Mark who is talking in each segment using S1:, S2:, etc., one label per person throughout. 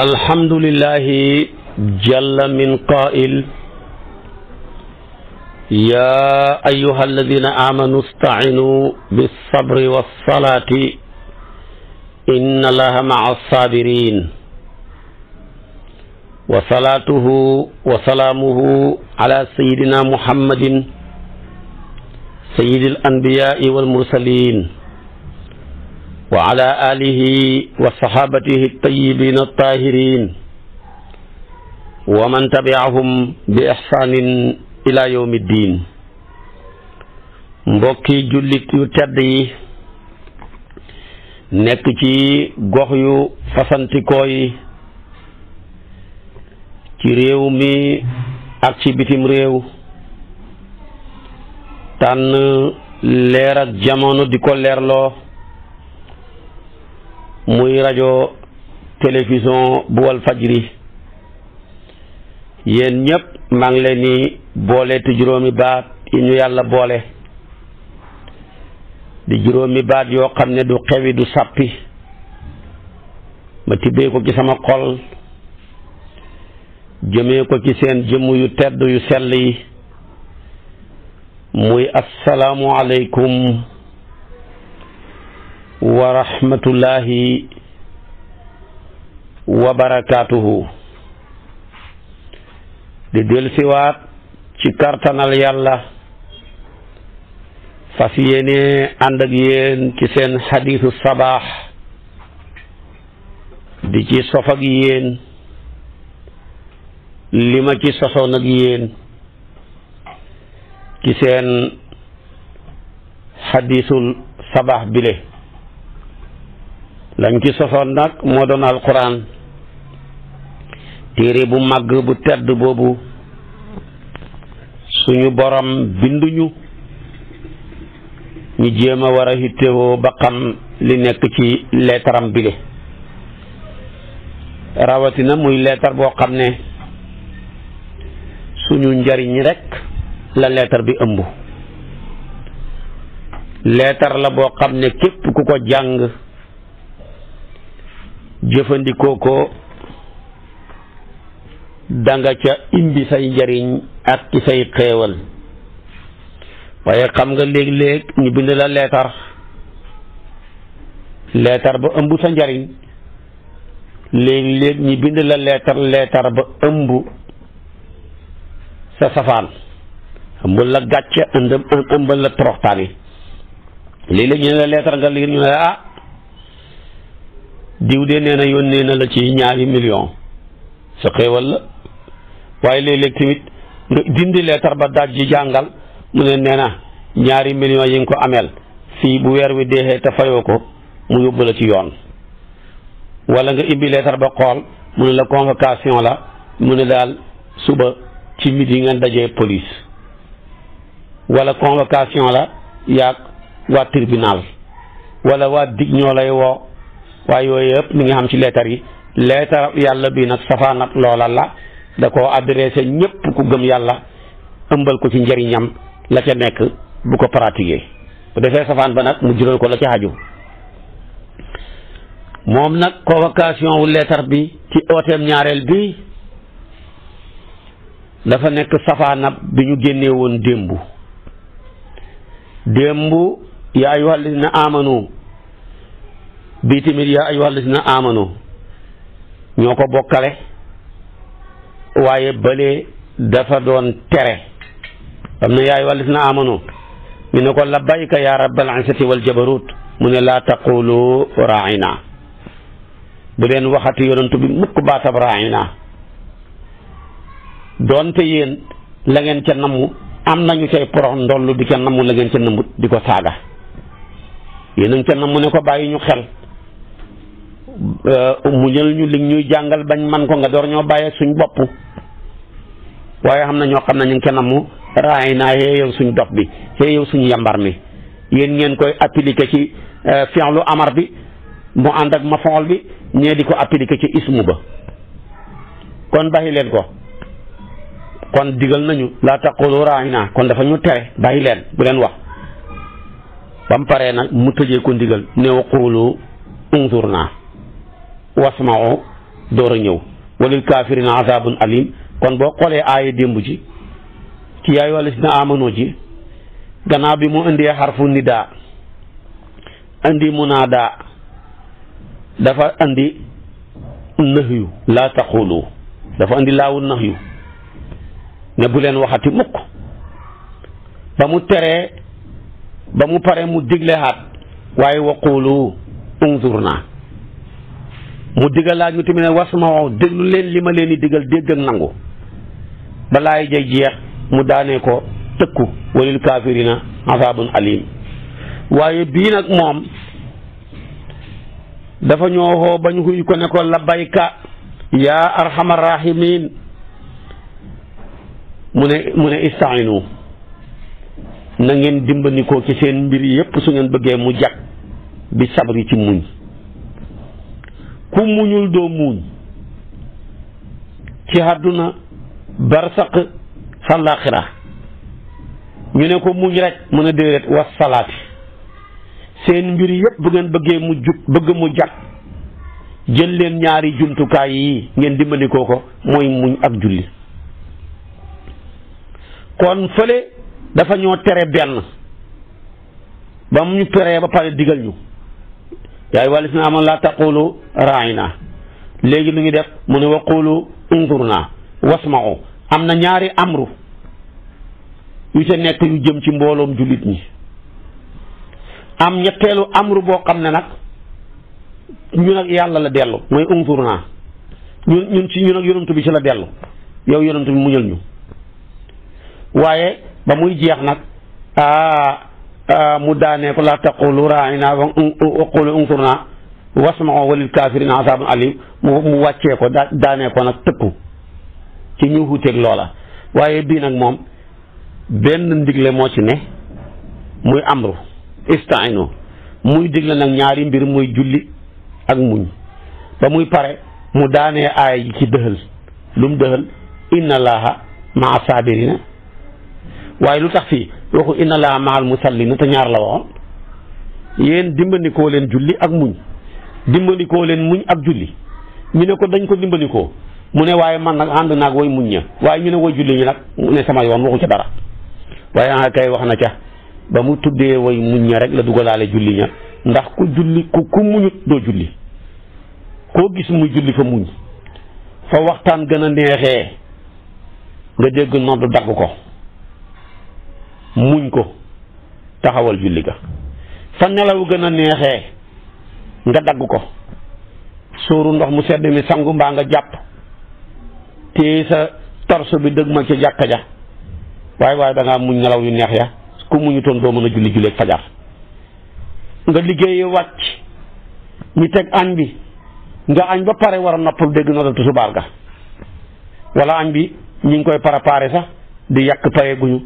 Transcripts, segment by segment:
S1: الحمد لله جل من قائل يا أيها الذين آمنوا استعينوا بالصبر والصلاة إن الله مع الصابرين وصلاته وسلامه على سيدنا محمد سيد الأنبياء والمرسلين wa ala alihi wa sahabatihi tayyibin attahirin wa man tabi'ahum bi ihsanin ila yawmi ddin mbokki jullit yu tedd yi nekk ci gox yu fasantikoo yi ci réew mi ak ci bitim réew tànn leer ak jamono di ko leerloo muy rajo télévision bu wal fajri yéen ñëpp maa ngi leen ni boole te juróomi baat yi ñu yàlla boole di juróomi baat yoo xam ne du xewi du sàppi ma tibbee ko ci sama xol jëmee ko ci seen jëmm yu tedd yu sell yi muy asalaamu aleykum wa rahmatullahi wa barakaatuhu di dellusiwaat ci kartanal yàlla fas yéene ànd ak yéen ci seen xadiisu sabaax di ci sof ak yéen li ma ci sosoon ak yéen seen xadiisul sabaax bile lañ ci sosoon nag moo doon alquran téere bu màgg bu tedd boobu suñu borom binduñu ñu jéem a war a hittewoo ba xam li nekk ci leetaram bile rawatina muy leetar boo xam ne ñu njariñ rekk la leetar bi ëmb leetar la boo xam ne képp ku ko jàng jëfandikoo ko danga ca indi say njariñ ak ci say xéewal waaye xam nga léeg-léeg ñu bind la leetar leetar ba ëmb sa njariñ léeg-léeg ñu bind la leetar leetar ba ëmb sa safaan ëmb la gàcce ëmb la toroxtaani léeg-léeg ñu ne la leetar nga léegi ñu ne ah diw de nee na yónnee na la ci ñaari million sa xéewal la waaye léeg-léeg tamit nga dindi leetar ba daaj ji jàngal mu ne nee na ñaari million yi nga ko ameel fii bu weer wi deexee te fayoo ko mu yóbbu la ci yoon wala nga imbi leetar ba xool mu ne la convocation la mu ne daal suba ci yi ngeen dajee police wala convocation la yaag waa tribunal wala waa dig ñoo lay woo waaye yooyu yëpp mi ngi xam ci leetar yi leetar yàlla bii nag safaan ak loola la da koo adressé ñépp ku gëm yàlla ëmbal ko ci njariñam la ca nekk bu ko pratiquer bu defee safaan ba nag mu jural ko la ci xaju moom nag convocation wu leetar bi ci ooteem ñaareel bi dafa nekk safaanab bi ñu génnee woon démb démb yaa ayyuhal na amanu bii tamit yaa ayyuhal lazina amanu ñoo ko bokkale waaye bële dafa doon tere am na yaa ayyuhal na amanu ñu ne ko labbayka yaa rabbal izzati wal jabarut mu ne laa taqulu raina bu leen waxati yonantu bi mukk baatab raina doonte yéen la ngeen ca namu am nañu cay porox ndollu di ca namu la ngeen ca namut di ko saaga yéen a ngi ca ne ko bàyyi ñu xel Euh, muñal ñu li ñuy jàngal bañ man ko nga door ñoo bàyyi suñ bopp waaye xam na ñoo xam ne ñu ngi kenn mu raay naa yee suñ dof bi yee yow suñu yambar mi yéen ngeen koy appilike ci euh, fi'lu amar bi mu ànd ak mafool bi ñee di ko appilike ci ismu ba kon bàyyi leen ko kon digal nañu laa taqulu raay kon dafa ñu tere bàyyi leen bu leen wax ba mu paree nag mu tëjee ko ndigal ne wa qulu naa wasmao door a ñëw walil kaafirina azabun alim kon boo xoolee aaya démb ji ci yaay wàlla na amano ji gannaaw bi mu indee xarfu nidaa indi munaadaa dafa indi nahyu laa taqulu dafa indi laawu nahyu ne bu leen waxati mukk ba mu teree ba mu pare mu diglehaat waaye waqulu unzur naa mu digalaat ñu tamit ne wasma'u déglu leen li ma leen di digal dégg ak nangu balaay jay jeex mu daane ko tëkku walil kaafirina asaabun alim waaye bii nag moom dafa ñoo xoo bañ xuy ko ne ko labayka yaa arhamar rahimin mu ne mu ne istainu na ngeen dimbandikoo ci seen mbir yépp su ngeen bëggee mu jag bi sabri ci muñ ku muñul doo muuñ ci àdduna barsaq sàllaaxira ñu ne ko muñ rek mën a déedéet wax salaati seen mbir yépp bu ngeen bëggee mu jub bëgg mu jag jël leen ñaari jumtukaay yi ngeen dimbalikoo ko mooy muñ ak julli kon fële dafa ñoo tere benn ba mu ñu peree ba pare digal ñu yaay walis na amoon laa taqulu raayna léegi lu ñu def mu ne waqulu unzurna wasma'u am na ñaari amru yu ca nekk yu jëm ci mbooloom jullit ñi am ñetteelu amru boo xam ne nag ñun ak yàlla la dellu mooy unzurna ñun ñun ci ñun ak bi ci la dellu yow yonent bi muñal ñu waaye ba muy jeex nag Ah, mu daanee ko la taqulu raina wa qulu unsurna wasma'u walil kafirina asabun alim mu wàccee ko daanee ko nag tëkku ci ñu wuuteeg loola waaye bii nag moom benn ndigle moo ci ne muy amru istaino muy digle nag ñaari mbir muy julli ak muñ ba muy pare mu daanee aaya ci dëxal lu mu inna allaha maa sabirina waaye lu tax waxu inna laa maal musallina te ñaar la waxoon yéen dimbandikoo leen julli ak muñ dimbandikoo leen muñ ak julli ñu ne ko dañ ko dimbandikoo mu ne waaye man nag ànd naag way muñ ña waaye ñu ne way julli ñi nag mu ne sama yoon waxu ca dara waaye anga ah kay wax na ca ba mu tuddee way muñ ña rek la dugalaale julli ña ndax ku julli ku ku muñut doo julli koo gis mu julli fa muñ fa waxtaan gën a neexee nga dégg nodd dagg ko muñ ko taxawal julli ga fa nelaw gën a neexee nga dagg ko sóoru ndox mu sedd mi sangu mbaa nga jàpp te sa torse bi dëgg ma ci jàkka ja waaye waaye dangaa muñ nelaw yu neex ya ku muñu toon doo mën a julli julleeg fajar nga liggéeye wàcc ñu teg añ bi nga añ ba pare war a noppal dégg noo dal tusubaar ga wala añ bi ñu ngi koy préparé sax di yàq pare guñu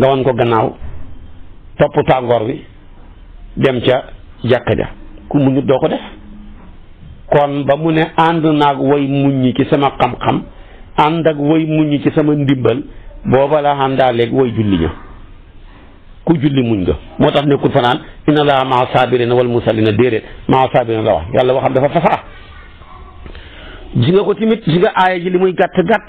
S1: nga wan ko gannaaw topp tàngoor wi dem ca jàkka ja ku muñut doo ko def kon ba mu ne ànd naag way muññi ci sama xam-xam ànd ak way muññi ci sama ndimbal booba la àndaa léegi way julli ña ku julli muñ nga moo tax nekkul fanaan inna laa maa saabirina wal musalina déedéet maa saabirina la wax yàlla waxam dafa fasaa ji nga ko timit ji nga aaya ji li muy gàtt gàtt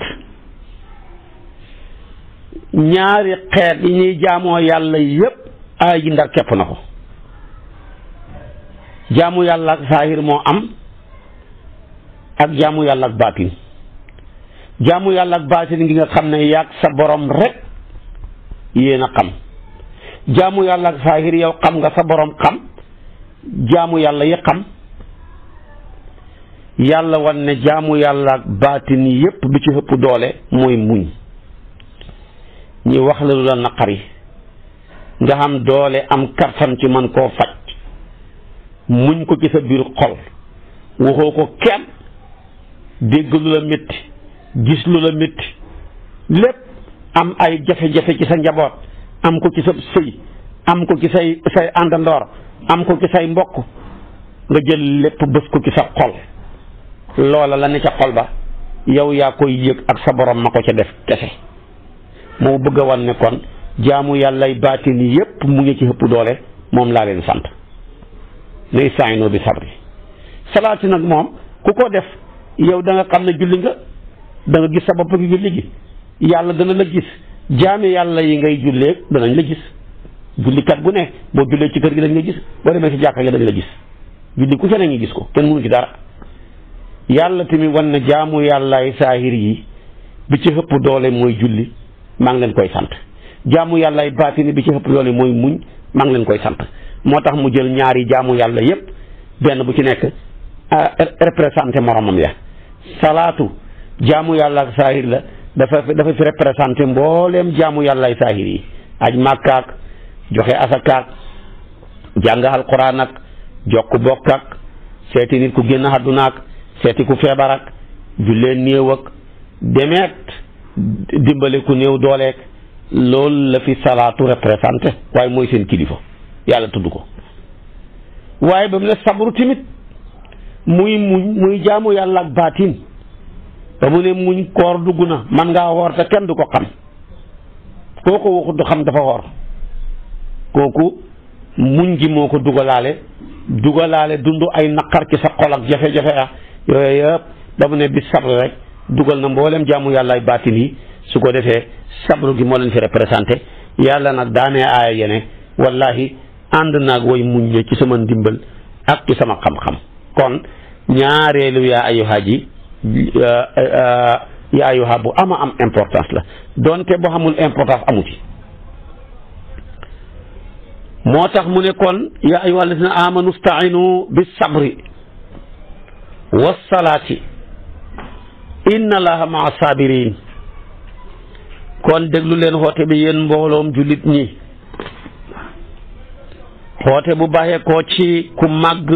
S1: ñaari xeet yi ñuy jaamoo yàlla yépp aay ji ndar képp na ko jaamu yàlla ak saahir moo am ak jaamu yàlla ak baatin jaamu yàlla ak baatin gi nga xam ne yàgg sa borom rekk yéen a xam jaamu yàlla ak saahir yow xam nga sa borom xam jaamu yàlla yi xam yàlla wan ne jaamu yàlla ak baatin yépp bi ci ëpp doole mooy muñ ñi wax la lu la naqari nga xam doole am kartam ci man koo faj muñ ko ci sa biir xol waxoo ko kenn dégg lu la métti gis lu la métti lépp am ay jafe-jafe ci sa njaboot am ko ci sa sëy am ko ci say say àndandoor am ko ci say mbokk nga jël lépp bés ko ci sa xol loola la ne ca xol ba yow yaa koy yëg ak sa borom ma ko ca def kese moo bëgg wan ne kon jaamu yàllay baatin yépp mu ngi ci ëpp doole moom laa leen sant nay saayinoo bi sabri salaati nag moom ku ko def yow da nga xam ne julli nga da gis sa bopp gi julli gi yàlla dana la gis jaami yàlla yi ngay jullee danañ la gis jullikat bu ne boo jullee ci kër gi dañ la ci jàkka gi dañ la gis julli ku sene ngi gis ko kenn mënu ci dara yàlla tamit wan na jaamu yàllaay saahir yi bi ci ëpp doole mooy julli maa ngi leen koy sant jaamu yàllaay baatini bi ci ëpp loolu mooy muñ maa leen koy sant moo tax mu jël ñaari jaamu yàlla yépp benn bu ci nekk ah, représenté moromam ya salaatu jaamu yàlla ak saahir la dafa dafa fi représenté mbooleem jaamu yàllaay saahir yi aj màkkaak joxe asakaak jàng alquran ak jokk bokk ak seeti nit ku génn àdduna seeti ku feebar ak jullee demeet dimbale ku néew dooleek loolu la fi salaatu représenté waaye mooy seen kilifa yàlla tudd ko waaye ba mu ne sabru tamit muy muñ muy jaamu yàlla ak baatin ba mu ne muñ koor dugg na man ngaa woor te kenn du ko xam koo ko waxut du xam dafa woor kooku muñ gi moo ko dugalaale dugalaale dund ay naqar ci sa xol ak jafe-jafe ah yooyu yëpp ba ne bi sabr rek dugal na mboolem jaamu yàllaay baatin yi su ko defee sabru gi moo leen fi représenté yàlla nag daanee aaya yene wallahi ànd naag way muñ ne ci sama ndimbal ak ci sama xam-xam kon ñaareelu yaa ayuha ji yaa ayuha bu ama am importance la doonte boo xamul importance amu ci moo tax mu ne kon yaa ayuha alladina amanu stainu bis sabri was inna allaha maa saabiriin kon déglu leen xoote bi yéen mbooloom jullit ñi xoote bu baaxee ko ci ku màgg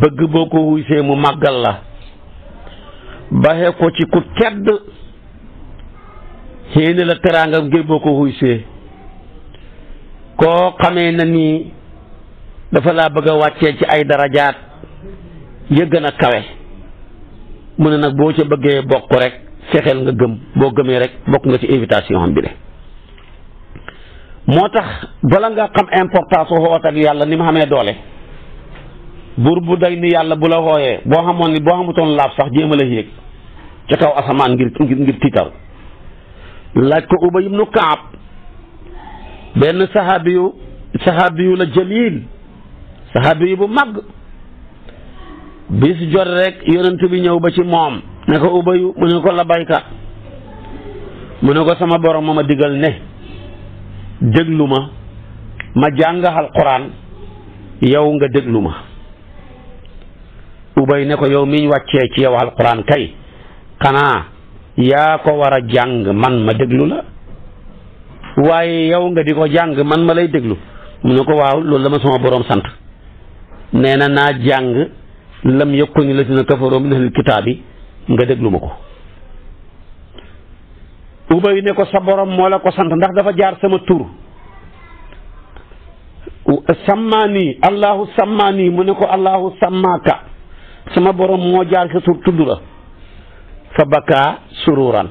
S1: bëgg boo ko wuysee mu màggal la baaxee ko ci ku tedd xéene la teraanga ngir boo ko wuysee koo xamee na nii dafa laa bëgg a wàccee ci ay darajaat ya gën a kawe mu ne nag boo ca bëggee bokk rek fexeel nga gëm boo gëmee rek bokk nga ci invitation am bi de moo tax bala nga xam importance woote ak yàlla ni ma xamee doole buur bu day ni yàlla bu la wooyee boo xamoon ni boo xamutoon laaf sax jéem a yéeg ca kaw asamaan ngir ngir tiitaw laaj ko Ubay ibnu Kaab benn saxaabi yu saxaabi yu la jaliil saxaabi yu bu mag bis jot rek yonent bi ñëw ba ci moom ne ko ubayu mu ne ko labayka mu ne ko sama borom ma ma digal ne déglu ma ma jàngaxal quraan yow nga déglu ma ubay ne ko yow miñ wàccee ci yow al quraan kay xanaa yaa ko war a jàng man ma déglu la waaye yow nga di ko jàng man ma lay déglu mu ne ko waaw loolu la sama boroom sant nee na naa jàng lam yakun lazina kafaru min ahlil kitaabi nga déglu ma ko. Ubay ne ko sa borom moo la ko sant ndax dafa jaar sama tur sàmmaani allahu sàmmaani mu ne ko allahu sàmmaaka sama borom moo jaar sa tur tudd la fa bakaa sururan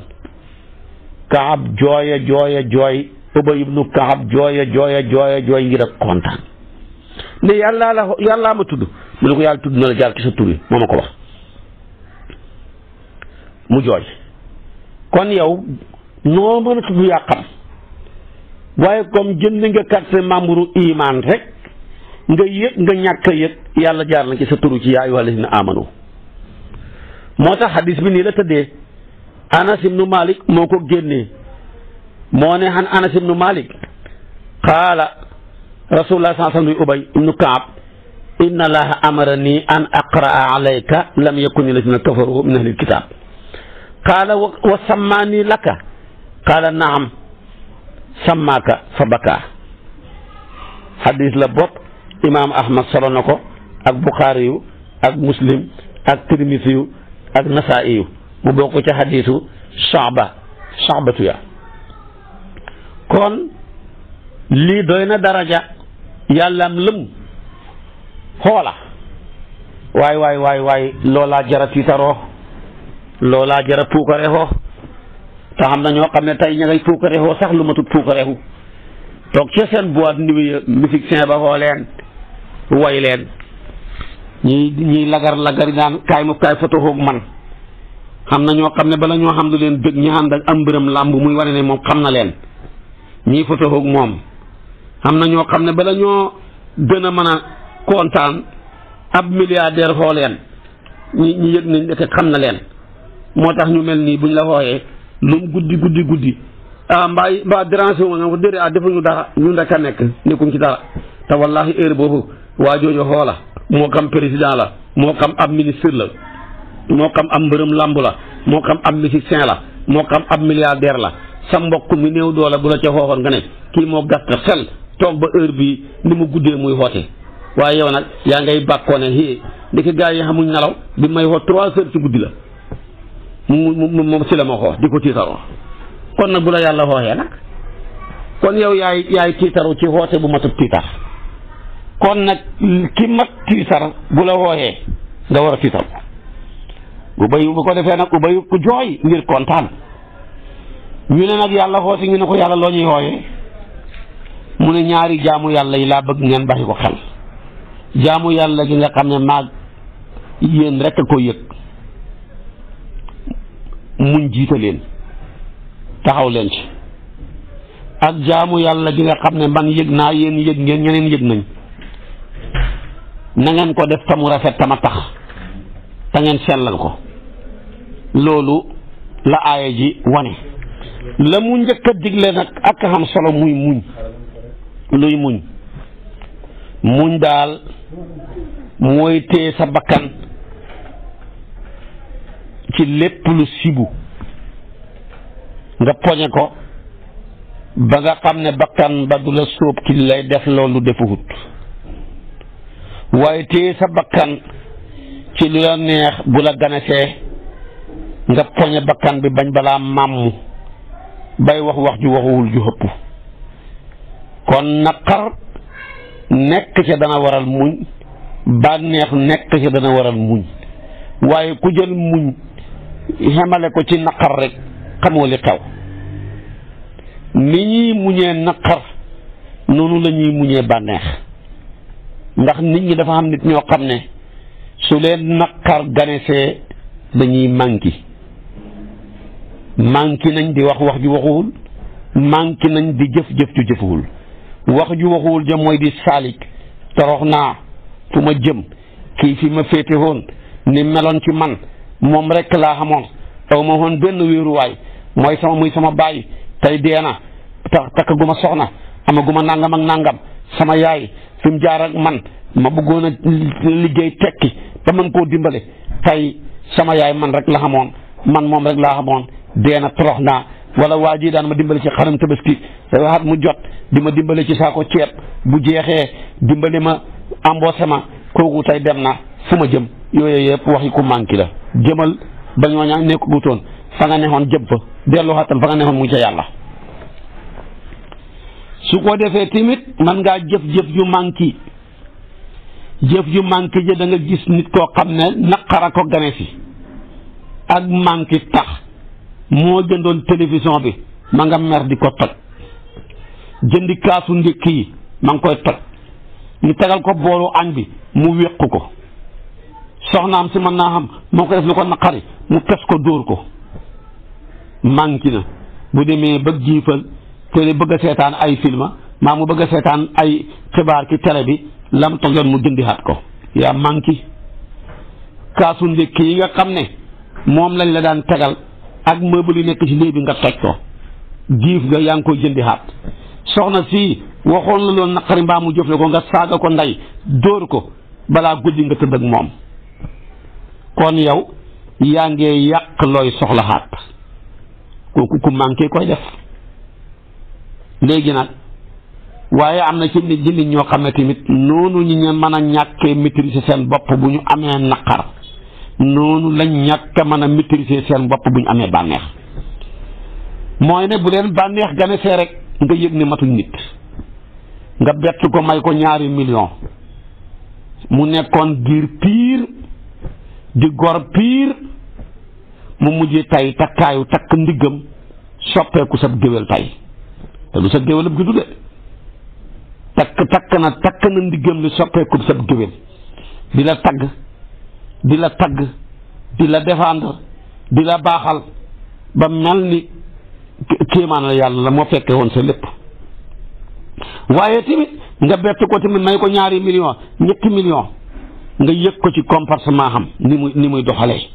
S1: kaab jooya jooya jooy ubay ibnu kaab jooya jooya jooya jooy ngir ak kontaan ne yàllaa la yàllaa ma tudd mu ne ko yàlla tudd na la jaar ci sa tur wi moo ko wax mu jooy kon yow noo mën a tudd yaa xam waaye comme jënd nga carte membre iman rek nga yëg nga ñàkk a yëg yàlla jaar na ci sa turu ci yaa ayyuhal lazina amanu moo tax xadis bi nii la tëddee anas ibnu malik moo ko génnee moo ne xan anas ibnu malik qaala rasulullah sallallahu alayhi wa sallam ubay ibnu kaab inna allaha amarani an aqraa alayka lam yakun alladina kafaru min ahli alkitab qaala wa sammani laka qaala naam sammaaka fa bakaa xadis la bopp imaam ahmad solo na ko ak buxaari yu ak muslim ak tirmisi yu ak nasaa'i yu mu bokk ci xadisu saaba saabatu ya kon lii doy na daraja yàllaam lëm xoola waay waay waay waay loolaa jara tiitaroo loolaa jara puukarexoo te xam na ñoo xam ne tey ña ngay puukarexoo sax lu matut puukarexu toog ca seen boîte nuyu musicien ba xoo leen way leen ñi ñiy lagar lagar naan kaay mu kaay photo xoog man xam na ñoo xam ne bala ñoo xam lu leen dëgg ñi ànd ak am mbërëm làmb muy wane ne moom xam na leen ñii photo xoog moom xam na ñoo xam ne bala ñoo gën a mën a kontaan ab milliardaire xoo leen ñi yëg nañ dëkk xam na leen moo tax ñu mel nii buñ la xooyee lu guddi guddi guddi ah mbaa mbaa dérangé wu nga ko déedéet ah defuñu dara ñu rek a nekk nekkuñ ci dara te wallahi heure boobu waa jooju xoola moo xam président la moo xam ab ministre la moo xam am mbërëm làmbu la moo xam ab musicien la moo xam ab milliardaire la sa mbokk mi néew doole bu la ca xooxoon nga ne kii moo gàtt xel toog ba heure bii ni mu guddee muy xoote waaye yow nag yaa ngay bàkkoo ne hi ndiki gars yi xamuñ nelaw bi may woo trois heures guddi la mu mu mu si la ma xoox di ko tiitaroo kon nag bu la yàlla xooxee nag kon yow yaay yaay tiitaru ci xoote bu matub tiitar kon nag ki mat tiitar bu la xooxee nga war a tiitaru ubay bu ko defee nag ubay ku jooy ngir kontaan ñu ne nag yàlla xoosi ñu ne ko yàlla loo ñuy xooyee mu ne ñaari jaamu yàlla yi laa bëgg ngeen baxi ko xel jaamu yàlla gi nga xam ne maag yéen rekk ko yëg mu jiite leen taxaw leen ci ak jaamu yàlla gi nga xam ne man yég naa yéen yëg ngeen ñeneen yëg nañ na ngeen ko def tamu rafet tama tax ta ngeen sellal ko loolu la aaya ji wane la mu njëkk a digle nag ak xam solo muy muñ luy muñ muñ daal mooy téye sa bakkan ci lépp lu sibu nga poñe ko ba nga xam ne bakkan ba du la sóob ci lay def loolu defuwut waaye téye sa bakkan ci lu la neex bu la ganasee nga poñe bakkan bi bañ balaa màmm bay wax wax ju waxuwul ju xëpp kon naqar nekk ca dana waral muñ bànneex nekk ca dana waral muñ waaye ku jël muñ xemale ko ci naqar rek xamoo li xew ni ñuy muñee naqar noonu lañuy muñee bànneex ndax nit ñi dafa am nit ñoo xam ne su leen naqar ganesee dañuy manki manki nañ di wax wax ju waxuwul manki nañ di jëf jëf ju jëfuwul wax ju waxuwul jëm mooy di saalik torox naa fu ma jëm kii fii ma féete woon ni meloon ci man moom rek laa xamoon aw ma woon benn wéeruwaay mooy sama muy sama baay tey dee na tax takk gu ma soxna ama gu ma nangam ak nangam sama yaay fi mu jaar ak man ma bëggoon a liggéey tekki ba mën koo dimbale tey sama yaay man rek la xamoon man moom rek laa xamoon dee na torox naa wala waa ji daan ma dimbali ci xaram tabaski waxaat mu jot di ma dimbale ci saako ceeb bu jeexee dimbale ma embauché ma kooku tey dem na fu ma jëm yooyu yëpp waxi ku manqué la jëmal ba ñooña nekk gutoon fa nga nexoon jëm fa dellu xatal fa nga nexoon mu ngi yàlla su ko defee tamit man ngaa jëf-jëf yu manqué jëf yu manqué ji da gis nit koo xam ne naqara ko gane ak manqué tax moo jëndoon télévision bi ma nga mer di ko toj jëndi kaasu njëkk yi ma ngi koy toj ñu tegal ko boolu añ bi mu wéqu ko soxnaam si mën naa xam moo ko def lu ko naqari mu kes ko dóor ko manqué na bu demee ba jiifal télé bëgg a seetaan ay filma maa mu bëgg seetaan ay xibaar ci télé bi lam tojoon mu jëndi xat ko yaa manqué kaasu njëkk yi nga xam ne moom lañ la daan tegal ak meuble yi nekk ci néeg nga toj ko giif nga yaa ngi koy jëndi xaat soxna si waxoon la loolu naqari mbaa mu jëfle ko nga saaga ko ndey dóor ko balaa guddi nga tëdd ak moom kon yow yaa ngee yàq looy soxla xaat kooku ku manqué koy def léegi nag waaye am na ci nit ñi nit ñoo xam ne tamit noonu ñu mën a ñàkkee maîtriser seen bopp bu ñu amee naqar noonu lañ ñàkk a a maîtriser seen bopp bu ñu amee bànneex mooy ne bu leen bànneex see rek nga yëg ne matuñ nit nga bett ko may ko ñaari million mu nekkoon giir piir di gor piir mu mujj tay takkaayu takk ndiggam soppeeku sa géwél tay te lu sa géwélab gi de takk takk na takk na ndiggam li soppeeku sa géwél di la tagg di la tagg di la défendre di la baaxal ba mel ni kéemaan la yàlla la moo fekke woon sa lépp waaye tamit nga bett ko tamit may ko ñaari million ñetti million nga yëg ko ci comportement xam ni muy ni muy doxalee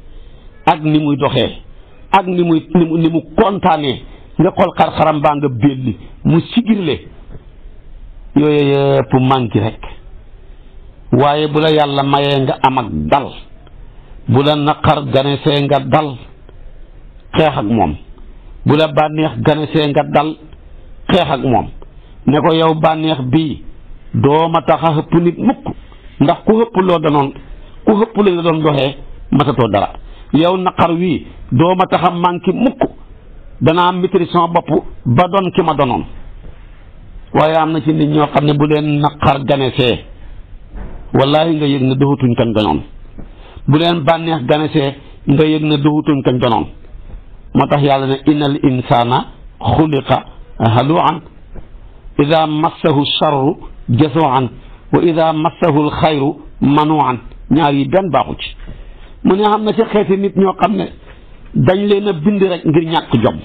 S1: ak ni muy doxee ak ni muy ni mu ni mu kontaanee nga xool xar-xaram baa nga belli mu sigirle yooyu yëpp manqué rek waaye bu la yàlla mayee nga am ak dal bu la naqar ganesee nga dal xeex ak moom bu la bànneex ganesee nga dal xeex ak moom ne ko yow bànneex bii dooma tax a xëpp nit mukk ndax ku xëpp loo danoon ku xëpp lañ la doon doxee matatoo dara yow naqar wii dooma tax a manqué mukk danaa maîtriser bopp ba doon ki ma donoon waaye am na ci nit ñoo xam ne bu leen naqar ganesee wallaahi nga yëg ne doxatuñ kan ganoon bu leen bànneex ganesee nga yëg ne duhutum kañ moo tax yàlla ne innal insana xuliqa haluan ida massahu charru jasuan wa ida massahu alxayru manuan ñaar yi benn baaxu ci mu ne xam na ci xeeti nit ñoo xam ne dañ leen a bind rek ngir ñàkk jom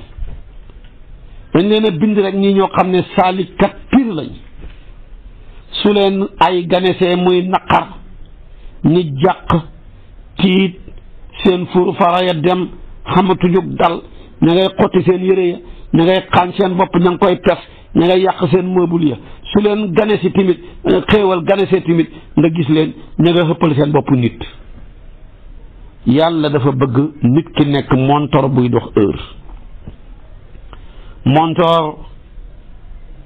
S1: dañ leen a bind rek ñi ñoo xam ne saalikat piir lañ su leen ay ganesee muy naqar ñi jàq tiit seen fur fara ya dem xamatuñu dal ña ngay xotti seen yére ya ña ngay xaañ seen bopp ña ngi koy pes ña ngay yàq seen meuble ya su leen ganesi timit euh, xéewal ganesee timit nga gis leen ña nga seen bopp nit yàlla dafa bëgg nit ki nekk montor buy dox heure montor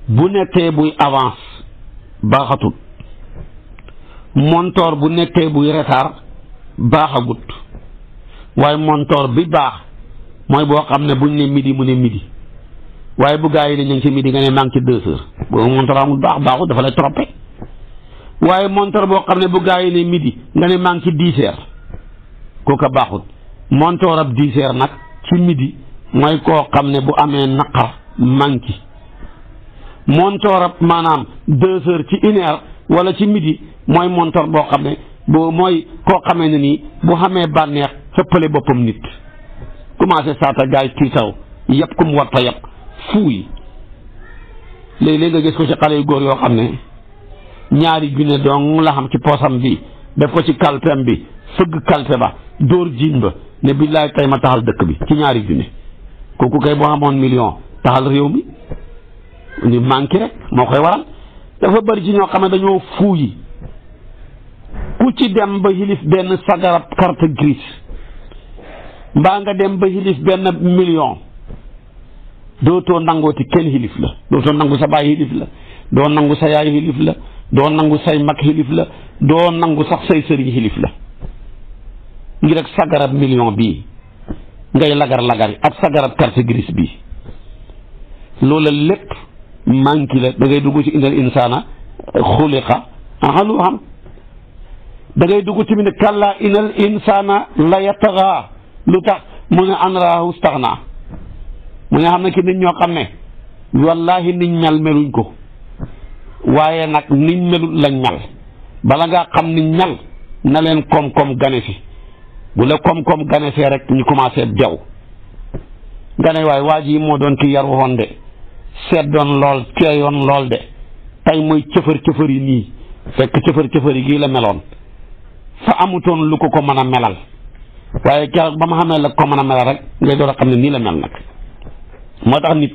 S1: bu nekkee buy avance baaxatul montor bu nekkee buy retard baaxagut waaye montoor bi baax mooy boo xam ne buñ ne midi mu ne midi waaye bu gaa yi ne ñu ngi ci midi nga ne maa ngi ci deux montoor amul baax baaxut dafa lay trompé waaye montoor boo xam ne bu gaa yi ne midi nga ne maa ngi ci dix heures kooka baaxut montoor ab dix nag ci midi mooy koo xam ne bu amee naqar manqué montoor ab maanaam deux heures ci une heure wala ci midi mooy montoor boo xam ne boo mooy koo xamee na ni bu xamee bànneex xëppale boppam nit commencé saata gaay tiitaw yëpp ku mu warta yëpp fuuy léeg-léeg nga gis ko ci xale yu góor yoo xam ne ñaari junne dong la xam ci poosam bi def ko ci kalpem bi fëgg kalpe ba dóor jiin ba ne billaay tey ma taxal dëkk bi ci ñaari junne kooku kay boo amoon million taxal réew mi ni manqué moo koy waral dafa bëri ci ñoo xam ne dañoo fuuy ku ci dem ba xilif benn sagarab carte grise mbaa nga dem ba xilif benn million dootoo nangooti kenn xilif la dootoo nangu sa baay xilif la doo nangu sa yaay xilif la doo nangu say mag xilif la doo nangu sax say sëriñ xilif la ngir ak sagarab million bii ngay lagar-lagari ak sagarab carte grise bii loola lépp manqué la da ngay dugg ci indal insaana xuliqa aluuxam dangay ngay dugg tamit ne kallaa inal insaana la yataxaa lu tax mu ne an raahu staxnaa mu nga xam ne ki nit ñoo xam ne wallaahi niñ mel meluñ ko waaye nag niñ melut lañ mel bala ngaa xam niñ mel na leen koom-koom ganesi bu la koom-koom ganesee rek ñu commencé dew nga ne waay waa ji moo doon ci yar woon de seet lool teeyoon lool de tey mooy cëfër cëfër yi nii fekk cëfër cëfër yi gii la meloon fa amutoon lu ko ko mën a melal waaye keroog ba ma xamee la ko mën a melal rek ngay door a xam ne nii la mel nag moo tax nit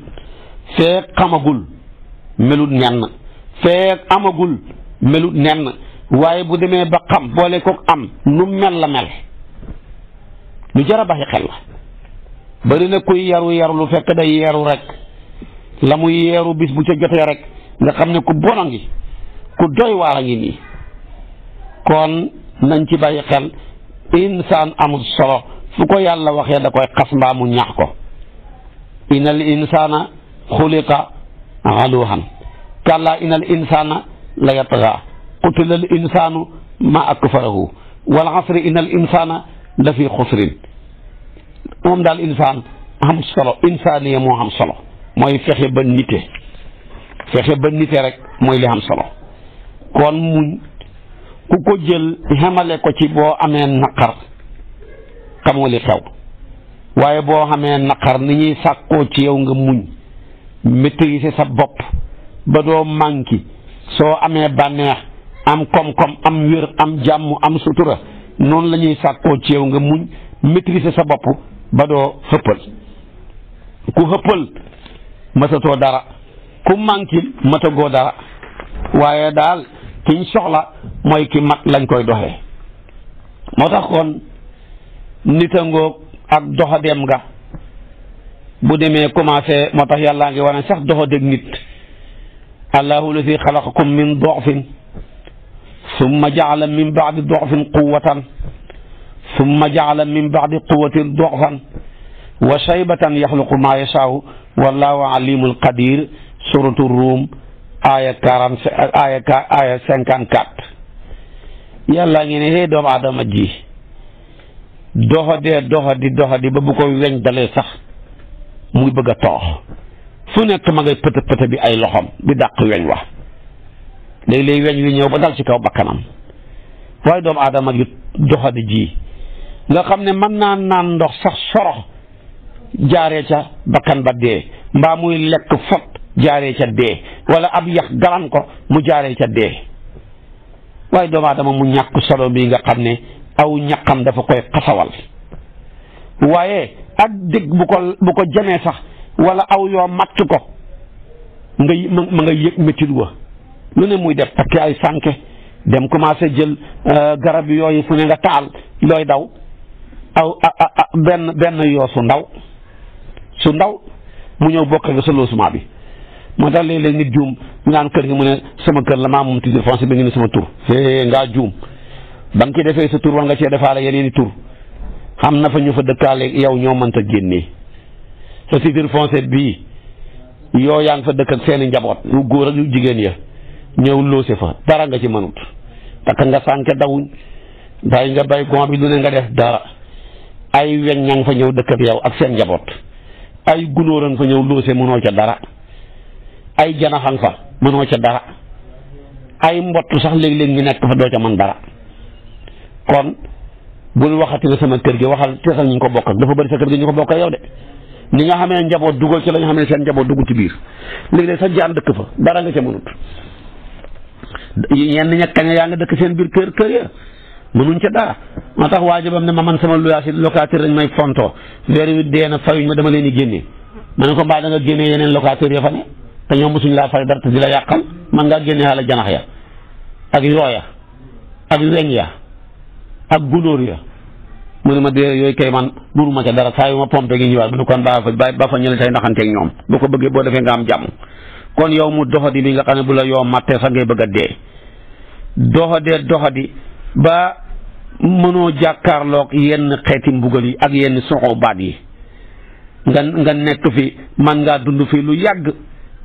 S1: feek xamagul melut nenn feek amagul melut nenn waaye bu demee ba xam boole kook am nu mel la mel lu jar baxi xel la bari na kuy yaru yaru lu fekk day yeeru rek la muy yeeru bis bu ca jotee rek nga xam ne ku bon ngi ku doy waar a ngi nii kon nañ ci bàyyi xel insaan amul solo fu ko yàlla waxee da koy xas mbaa mu ñax ko inal insaana xuliqa aluhan kàllaa inal insaana la yatgaa qutila al insaanu ma akfarahu wal asri inal insaana la fi xusrin moom daal insaan am solo insaaniya moo am solo mooy fexe ba nite fexe ba rek mooy le am solo kon muñ ku ko jël xamale ko ci boo amee naqar xamoo li xew waaye boo xamee naqar ni ñuy sàkkoo ci yow nga muñ maîtriser sa bopp ba doo manki soo amee bànneex am koom-koom am wér am jàmm am sutura noonu lañuy ñuy sàkkoo ci yow nga muñ maîtriser sa bopp ba doo xëppal ku xëppal matatoo dara ku manki matagoo dara waaye daal kiñ soxla mooy ki mat lañ koy doxee moo tax kon nitangoog ak doxadeem nga bu demee commencé moo tax yàllaa ngi wane sax doxadeeg nit allahu ladi xalaqakum min dofin summa jaala min baadi dofin quwatan summa jaala min baadi quwatin dofan wa shaybatan yaxluqu maa yashaau wallahu alimul qadir suratu ruum aya quarante aya aya cinquante quatre yàlla ngi ne xëy doomu aadama ji doxadee doxadi doxadi ba bu ko weñ dalee sax muy bëgg a toox fu nekk ma ngay pëtë pëtë bi ay loxoom di daq weñ wa léeg-léeg weñ wi ñëw ba dal ci kaw bakkanam waaye doomu aadama gi doxadi ji nga xam ne mën naa naan ndox sax soro jaaree ca bakkan ba dee mbaa muy lekk fot jaaree ca dee wala ab yax galan ko mu jaare ca dee waaye doomu aadama mu ñàkk solo bi nga xam ne aw ñaqam dafa koy xasawal waaye ak dëgg bu ko bu ko jamee sax wala aw yoo matt ko nga ma nga yëg métit wa lu ne muy def takki ay sànke dem commencé jël euh, garab yooyu fu ne nga taal looy daw aw benn benn yoo su ndaw su ndaw mu ñëw bokk nga sa loosement bi moo tax léeg-léeg nit juum naan kër gi mu ne sama kër la maa moom titre foncier bi ngi ne sama tur ngaa juum ba nga defee sa tur war nga cee defaale yeneen i tur xam na fa ñu fa dëkkaale yow ñoo mënta génnee sa titre foncier bii yoo yaa ngi fa dëkk ak seeni njaboot yu góor ak yu jigéen ya ñëw loose fa dara nga ci mënut takk nga sànke dawuñ bàyyi nga bay gon bi lu ne nga def dara ay weñ ña fa ñëw dëkk ak yow ak seen njaboot ay gunóoran fa ñëw loose mënoo ca dara ay janaxan fa mënoo ca dara ay mbott sax léeg-léeg ñu nekk fa doo ca man dara kon bul waxati na sama kër gi waxal teesal ñu ko bokk dafa bëri sa kër gi ñu ko bokk ak de ñi nga xamee njaboot dugal ci lañu nga xam ne seen njaboot dugg ci biir léeg-léeg sax jaan dëkk fa dara nga ca mënut ñenn ña kañ yaa nga dëkk seen biir kër kër ya mënuñ ca dara moo tax waajibam ne ma man sama luyaas yi locataire dañ may fontoo weer wi dee na fayuñ ma dama leen di génne ma ne ko mbaa da nga yeneen locataire ya fa te ñoom mosuñ laa fay dara te di la yàqal man ngaa génne xaala janax ya ak yooya ak weñ ya ak gunóor ya mu ne ma dee yooyu kay man buruma ca dara saa yu ma pompe gi ñëwaat bu kon baa fa baa fa ñële tay ndaxanteeg ñoom boo ko bëggee boo defee nga am jàmm kon yow mu doxadi bi nga xam ne bu la yoo mattee sax ngay bëgg a dee doxadee doxadi ba mënoo jàkkaarloog yenn xeeti mbugël yi ak yenn soxo baat yi nga nga nekk fi man ngaa dund fi lu yàgg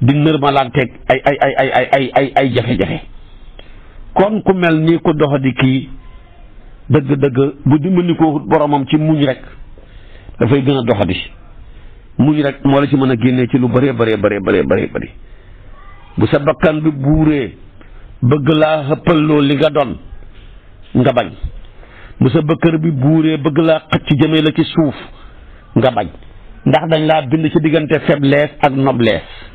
S1: di nërmalanteeg ay ay ay ay ay ay ay kon ku mel ni ku doxadi kii dëgg-dëgg bu dimbali ko boromam ci muñ rek dafay gën a dox di muñ rek moo la ci mën a génnee ci lu bëree bëree bëree bëree bëree bëri bu sa bakkan bi buuree bëgg laa xëppalloo li nga doon nga bañ bu sa bëkkër bi buuree bëgg laa xëcc jëmee la ci suuf nga bañ ndax dañ laa bind ci diggante faiblesse ak noblesse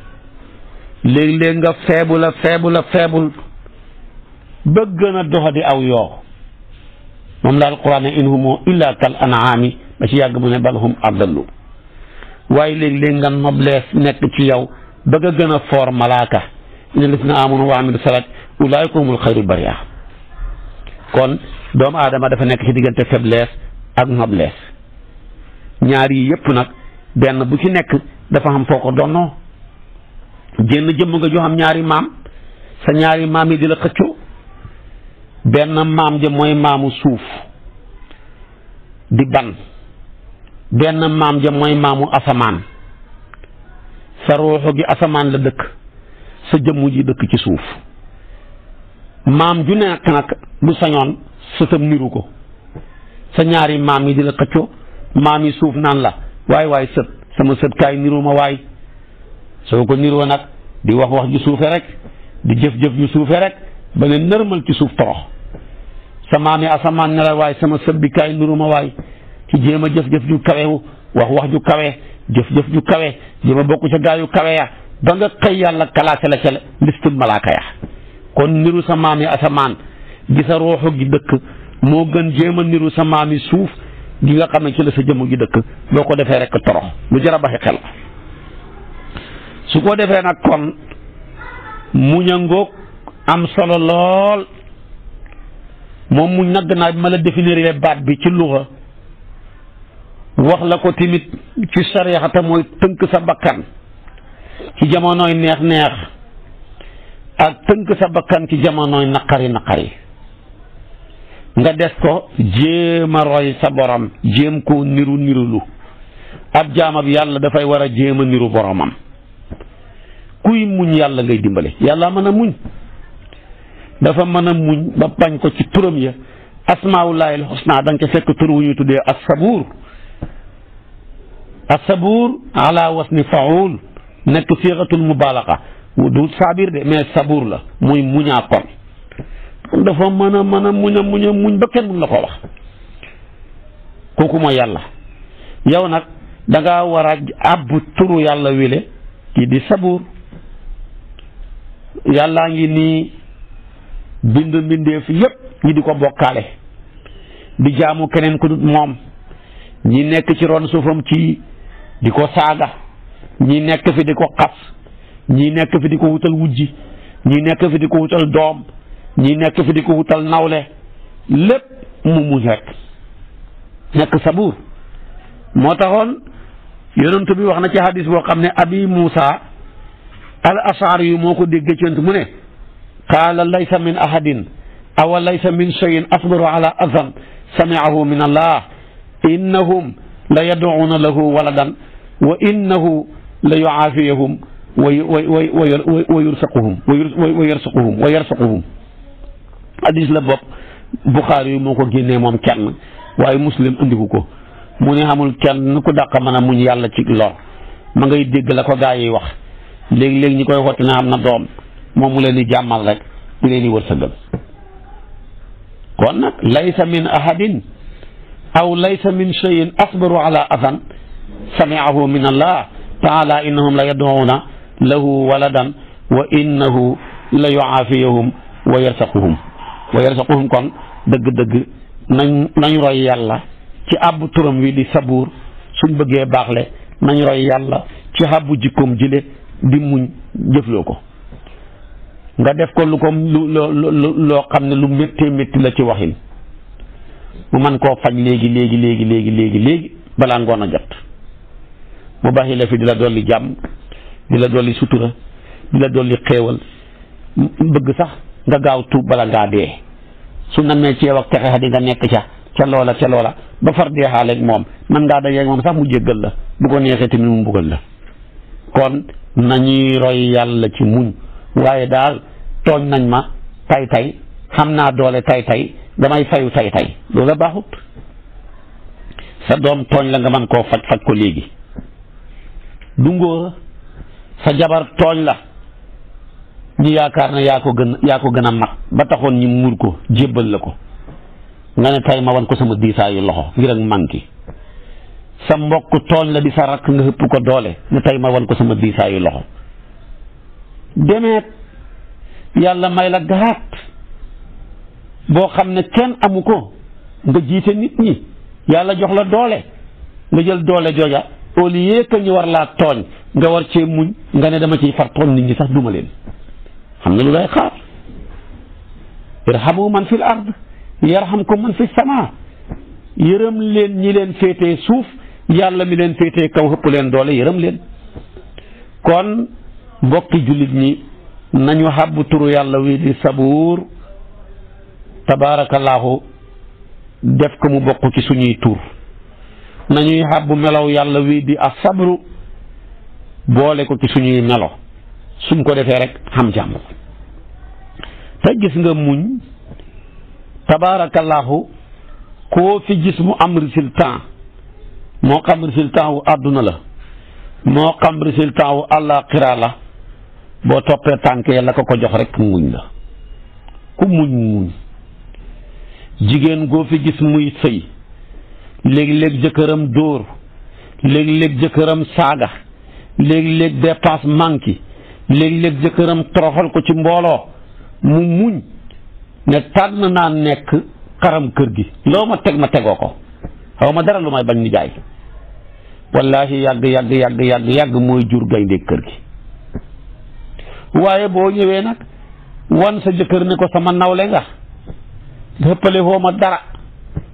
S1: léeg-léeg nga feebul a feebul a feebul ba gën a doxa di aw yoo moom daal quraan ne in humu illa kal anaami ba ci yàgg mu ne bal hum adallu waaye léeg-léeg nga noblees nekk ci yow ba nga gën a foor malaaka inna lasina amanu wa amilu salaat ulaayika humul xayrul bariya kon doomu aadama dafa nekk ci diggante faiblesse ak noblesse ñaar yi yépp nag benn bu ci nekk dafa am foo ko donnoo jenn jëmm nga joo xam ñaari maam sa ñaari maam yi di la xëccoo benn maam ja mooy maamu suuf di ban benn maam ja mooy maamu asamaan sa ruuxu gi asamaan la dëkk sa jëmm ji dëkk ci suuf maam ju nekk nag bu sañoon sëtam niru ko sa ñaari maam yi di la xëccoo maam suuf naan la waaye waay sët sama sët kaay ma waay soo ko niroo nag di wax wax ju suufe rek di jëf-jëf ju suufe rek ba ne nërmal ci suuf torox samaami asamaan ne la sama sëbbikaay nuruma waay ci jéem a jëf-jëf ju kawewu wax wax ju kawe jëf-jëf ju kawe jéem a bokk ca gaayu kawe ya ba nga xëy yàlla kalaase la ca listum malaaka ya kon niru sa maami asamaan gi sa gi dëkk moo gën jéem a niru sa maami suuf gi nga xam ne ci la sa jëmm gi dëkk boo ko defee rek torox lu jar a xel su ko defee nag kon muñ a am solo lool moom mu nag gannaaw bi ma la définir baat bi ci luxa wax la ko timit ci sariyata mooy tënk sa bakkan ci jamonoy neex neex ak tënk sa bakkan ci jamonoy naqari naqari nga des ko jéem a roy sa borom jéem ko niru nirulu ab jaam yàlla dafay war a jéema a niru boromam kuy muñ yàlla ngay dimbale yàlla man a muñ dafa mën a muñ ba bañ ko ci turam ya asmaawullaahi alxusna da nga ca fekk tur wu ñuy tuddee assabuur assabuur ala wasni faul nekk siixatul mubaalaxa du saabir de mais sabuur la muy muñaa kon dafa mën a mën a muñ muñ a muñ ba kenn mun la ko wax kooku mooy yàlla yow nag da war a àbb turu yàlla wile ci di sabuur yàllaa ngi nii bind mbindeef yépp ñi di ko bokkaale di jaamu keneen ku moom ñi nekk ci ron suufam ci di ko saaga ñi nekk fi di ko xas ñi nekk fi di ko wutal wujji ñi nekk fi di ko wutal doom ñi nekk fi di ko wutal nawle lépp mu muñ rek nekk sabuur moo taxoon yonent bi wax na ci hadis boo xam ne abi Muusa al asaar yu moo ko dégg ci mu ne qaala laysa min ahadin aw laysa min cheyin asbaru ala azam samiahu min allah innahum la yaduuna lahu waladan wa innahu la yuaafiyahum wa wa yursaquhum wa yarsuquhum wa yarsuquhum hadis la bopp Buxaari yu moo ko génnee moom kenn waaye muslim andiku ko mu ne xamul kenn ku dàq mën a muñ yàlla ci lor ma ngay dégg la ko gaa yi wax léegi-léegi ñi koy xotti na am doom moom mu leen di jàmmal rek di leen di wërsëgal kon nag laysa min ahadin aw laysa min cheyin asbaru ala adan samiahu min allah taala innahum la yaduuna lahu waladan wa innahu la yuaafiyahum wa yarsaquhum wa yarsaquhum kon dëgg-dëgg nañ nañ roy yàlla ci àbbu turam wi di sabuur suñ bëggee baaxle nañ roy yàlla ci àbbu jikkoom jile di mu jëfloo ko nga def ko lu ko lu loo xam ne lu méttee métti la ci waxin mu man koo faj léegi léegi léegi léegi léegi léegi balaa ngoon a jot mu bàyyi la fi di la dolli jàmm di la dolli sutura di la dolli xéewal bëgg sax nga gaaw tuub bala ngaa dee su namee ci yow ak texe di nga nekk ca ca loola ca loola ba far dee xaaleeg moom man ngaa dajeeg moom sax mu jéggal la bu ko neexee tamit mu mbugal la kon nañuy roy yàlla ci muñ waaye daal tooñ nañ ma tay tay xam naa doole tay tay damay fayu tay tay loola baaxut sa doom tooñ la nga mën koo faj faj ko léegi dungoo sa jabar tooñ la ñu yaakaar na yaa ko gën yaa ko gën a mag ba taxoon ñi muur ko jébbal la ko nga ne tay ma wan ko sama diisaayu loxo ngir ak manki sa mbokk tooñ la di sa rakk nga xëpp ko doole ne tey ma wan ko sama diisaayu loxo demeet yàlla may la gaat boo xam ne kenn amu ko nga jiite nit ñi yàlla jox la doole nga jël doole jooja au lieu que ñu war laa tooñ nga war cee muñ nga ne dama ciy far tooñ nit ñi sax duma leen xam nga lu lay xaar irhamu man fil ard yarhamkum man fis sama yërëm leen ñi leen féete suuf yàlla mi leen féetee kaw xëpp leen doole yërëm leen kon mbokki jullit ñi nañu xàbb turu yàlla wi di sabuur tabaarakallaahu def ko mu bokk ci suñuy tur nañuy xàbb melaw yàlla wi di sabru boole ko ci suñuy melo suñ ko defee rek xam jàmm te gis nga muñ tabaarakallaahu koo fi gis mu am résultat moo xam résultat wu àdduna la moo xam résultat wu àllaaxira la boo toppee tànk la ko ko jox rek muñ la ku muñ muñ jigéen goo fi gis muy sëy léegi léeg jëkkëram dóor léegi léeg jëkkëram saaga léegi léeg dépense manqué léeg-léeg jëkkëram toroxal ko ci mbooloo mu muñ ne tànn naa nekk xaram kër gi loo ma teg ma tegoo ko xaw ma dara lu may bañ nijaay wallaahi yàgg yàgg yàgg yàgg yàgg mooy jur gaynde kër gi waaye boo ñëwee nag wan sa jëkkër ne ko sama nawle nga xëppale foo ma dara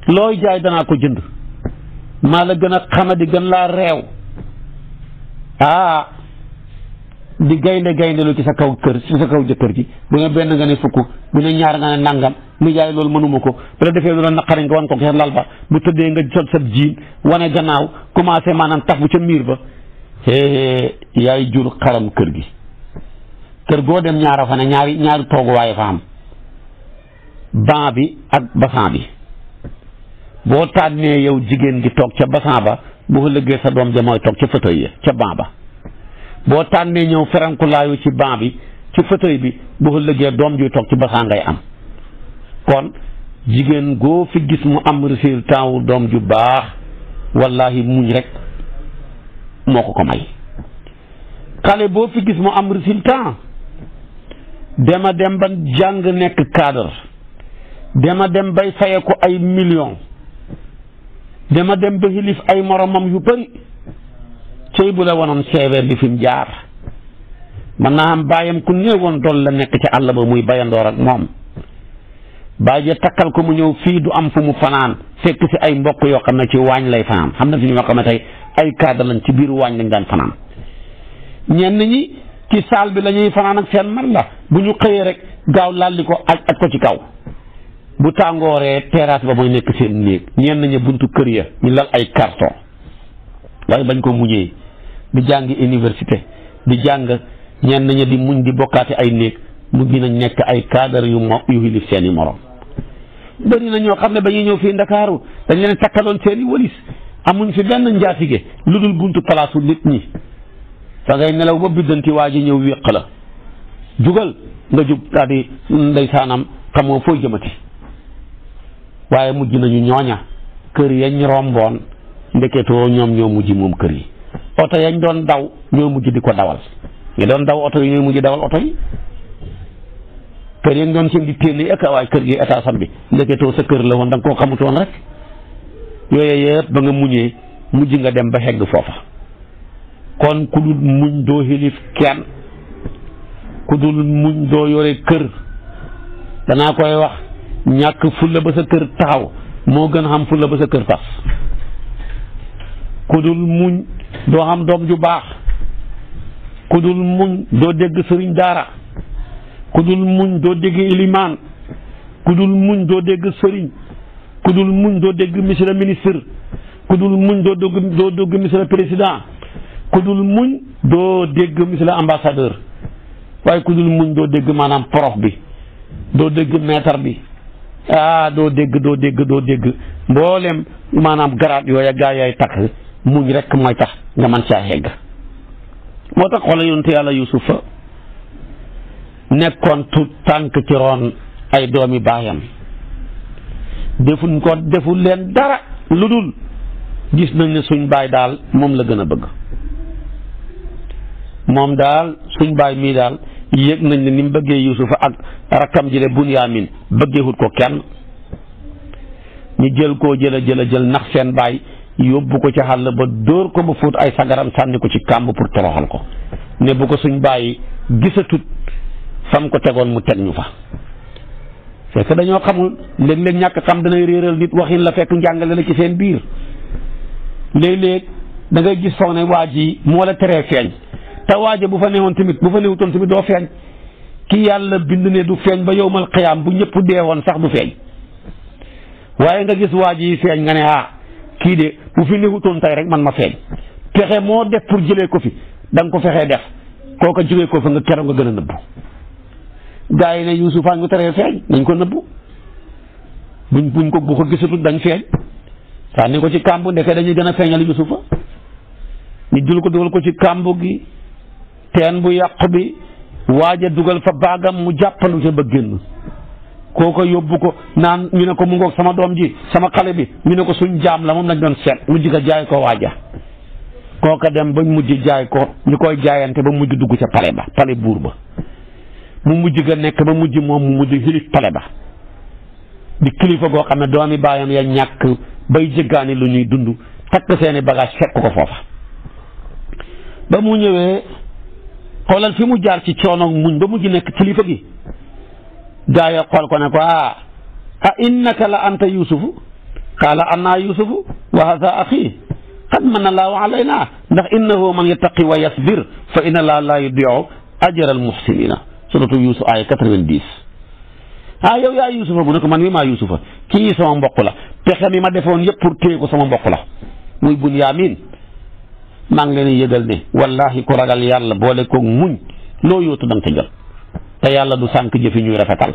S1: looy jaay danaa ko jënd maa la gën a xamadi gën laa reew ah di gaynde gaynde lu ci sa kaw kër ci sa kaw jëkkër ji bu ne benn nga ne fukk bu ne ñaar nga nàngam nijaay loolu mënuma ko bu la defee lu la naqari nga wan ko ca lal ba bu tëddee nga jot sa jiin wane gannaaw commencé maanaam taf bu ca miir ba yaay jur xaram kër gi kër goo dem ñaara fa ne ñaari ñaari tooguwaay fa am ban bi ak basan bi boo tànnee yow jigéen gi toog ca basan ba bu ëllëgee sa doom jamooy toog ca fauteuil ya ca ban ba boo tànnee ñëw ferankulaayu ci ban bi ci fauteuil bi bu ëllëgee doom ju toog ci basan ngay am kon jigéen goo fi gis mu am résultat wu doom ju baax wallahi muñ rek moo ko ko may xale boo fi gis mu am résultat dema dem ba jàng nekk cadre dema dem bay faye ko ay million dema dem ba xilif ay moroomam yu bëri cëy bu la wanoon CV bi fi jaar man naa am bàyyam ku néewoon dool la nekk ci àll ba muy bayandoor ak moom bàyyi takkal ko mu ñëw fii du am fu mu fanaan fekk si ay mbokk yoo xam ne ci waañ lay fanaan xam na fi ñoo xam ne tey ay cadre lañ ci biir waañ lañu daan fanaan ñenn ñi ci saal bi lañuy ñuy fanaan ak seen man la bu ñu xëyee rek gaaw lalli ko ak aj ko ci kaw bu tàngooree terrasse ba mooy nekk seen néeg ñenn ñi buntu kër ya ñu lal ay carton waaye bañ ko muñee di jàng université di jàng ñenn ñi di muñ di bokkaati ay néeg mu gën a nekk ay cadre yu mo yu hilif seen i morom bëri na ñoo xam ne ba ñuy ñëw fii Ndakaaru dañ leen takkaloon seen i walis amuñ fi benn njaatige lu dul buntu palaasu nit ñi dangay ngay nelaw ba biddanti waa ji ñëw wéq la jugal nga jub daal di ndeysaanam xamoo foo jëmati waaye mujj nañu ñooña kër yañ romboon ndeketoo ñoom ñoo mujj moom kër yi oto yañ doon daw ñoo mujj di ko dawal ñu doon daw oto yi ñooy mujj dawal oto yi kër yi doon seen di téeméer ak waaye kër gi état sam bi ndeketoo sa kër la woon da nga koo xamutoon rek yooyu yëpp ba nga muñee mujj nga dem ba xegg foofa kon ku dul muñ doo xilif kenn ku muñ doo sa kër moo gën xam fulla sa kër tas doom ju baax ku muñ doo dégg sëriñ daara ku dul muñ doo dégg ilimaan ku dul muñ doo dégg sëriñ ku dul muñ doo dégg monsieur le ministre ku dul muñ doo dégg doo dégg président ku dul muñ doo dégg monsieur le ambassadeur waaye ku dul muñ doo dégg maanaam prof bi doo dégg maître bi ah doo dégg doo dégg doo dégg mboolem maanaam garaat yooya gaa yaay takk muñ rekk mooy tax nga mën caa yegg moo tax xoolal yonent yàlla Yuusufa nekkoon tu tànk ci roon ay doomi baayam defuñ ko deful leen dara lu dul gis nañ ne suñ baay daal moom la gën a bëgg moom daal suñ baay mii daal yëg nañ ne ni mu bëggee yuusufa ak rakkam ji le bunyaamin bëggeewut ko kenn ñu jël koo jëla jëla jël nax seen baay yóbbu ko ci xàll ba dóor ko ba fóot ay sagaram sànni ko ci kàmb pour toroxal ko ne bu ko suñ baay gisatut fam ko tegoon mu teg ñu fa c'est que dañoo xamul léeg-léeg ñàkk xam danay réeral nit waxin la fekk njàngale la ci seen biir léeg-léeg da gis foog ne waa ji moo la teree feeñ te waaje bu fa newoon tamit bu fa newutoon tamit doo feeñ ki yàlla bind ne du feeñ ba yowmal xiyaam bu ñëpp deewoon sax du feeñ waaye nga gis waa ji feeñ nga ne ah kii de bu fi newutoon tey rek man ma feeñ fexe moo def pour jëlee ko fi da ko fexee def ko jógee ko fa nga keroog nga gën a nëbbu gaa yi ne Yuusufa ngi teree feeñ dañ ko nëbbu buñ buñ ko bu ko gisatut dañ feeñ ni ko ci kàmb ndeke dañuy gën a feeñal Yuusufa ñu jël ko dugal ko ci kàmb gi teen bu yàqu bi waaja dugal fa baagam mu jàppandu ca ba génn kooko yóbbu ko naan ñu ne ko mu ngoog sama doom ji sama xale bi ñu ne ko suñ jaam la moom nañ doon seet mu ko jaay ko waaja kooka dem ba mujj jaay ko ñu koy jaayante ba mujj dugg ca pale ba pale buur ba mu mujj ga nekk ba mujj moom mu mujj xilif pale ba di kilifa goo xam ne doomi baayam ya ñàkk bay jëggaani lu ñuy dund takk seeni bagage fekk ko foofa ba mu ñëwee xoolal fi mu jaar ci coono muñ ba mujj nekk kilifa gi gaa yi xool ko ne ko ah a innaka la anta yusufu qaala anna yusufu wa hada axi qad manna allahu alayna ndax innahu man yattaqi wa yasbir fa inna laa laa yudiu ajra almuxsinina suratu Yuusuf aaya 90 ah yow yaa Yuusufa bu ne ko man mi maa Yuusufa kii sama mbokk la pexe mi ma defoon yëpp pour téye ko sama mbokk la muy Bunyaamin maa ngi leen yëgal ne wallahi ku ragal yàlla boole koog muñ loo yootu da nga ca jot te yàlla du sànq jëfi ñuy rafetal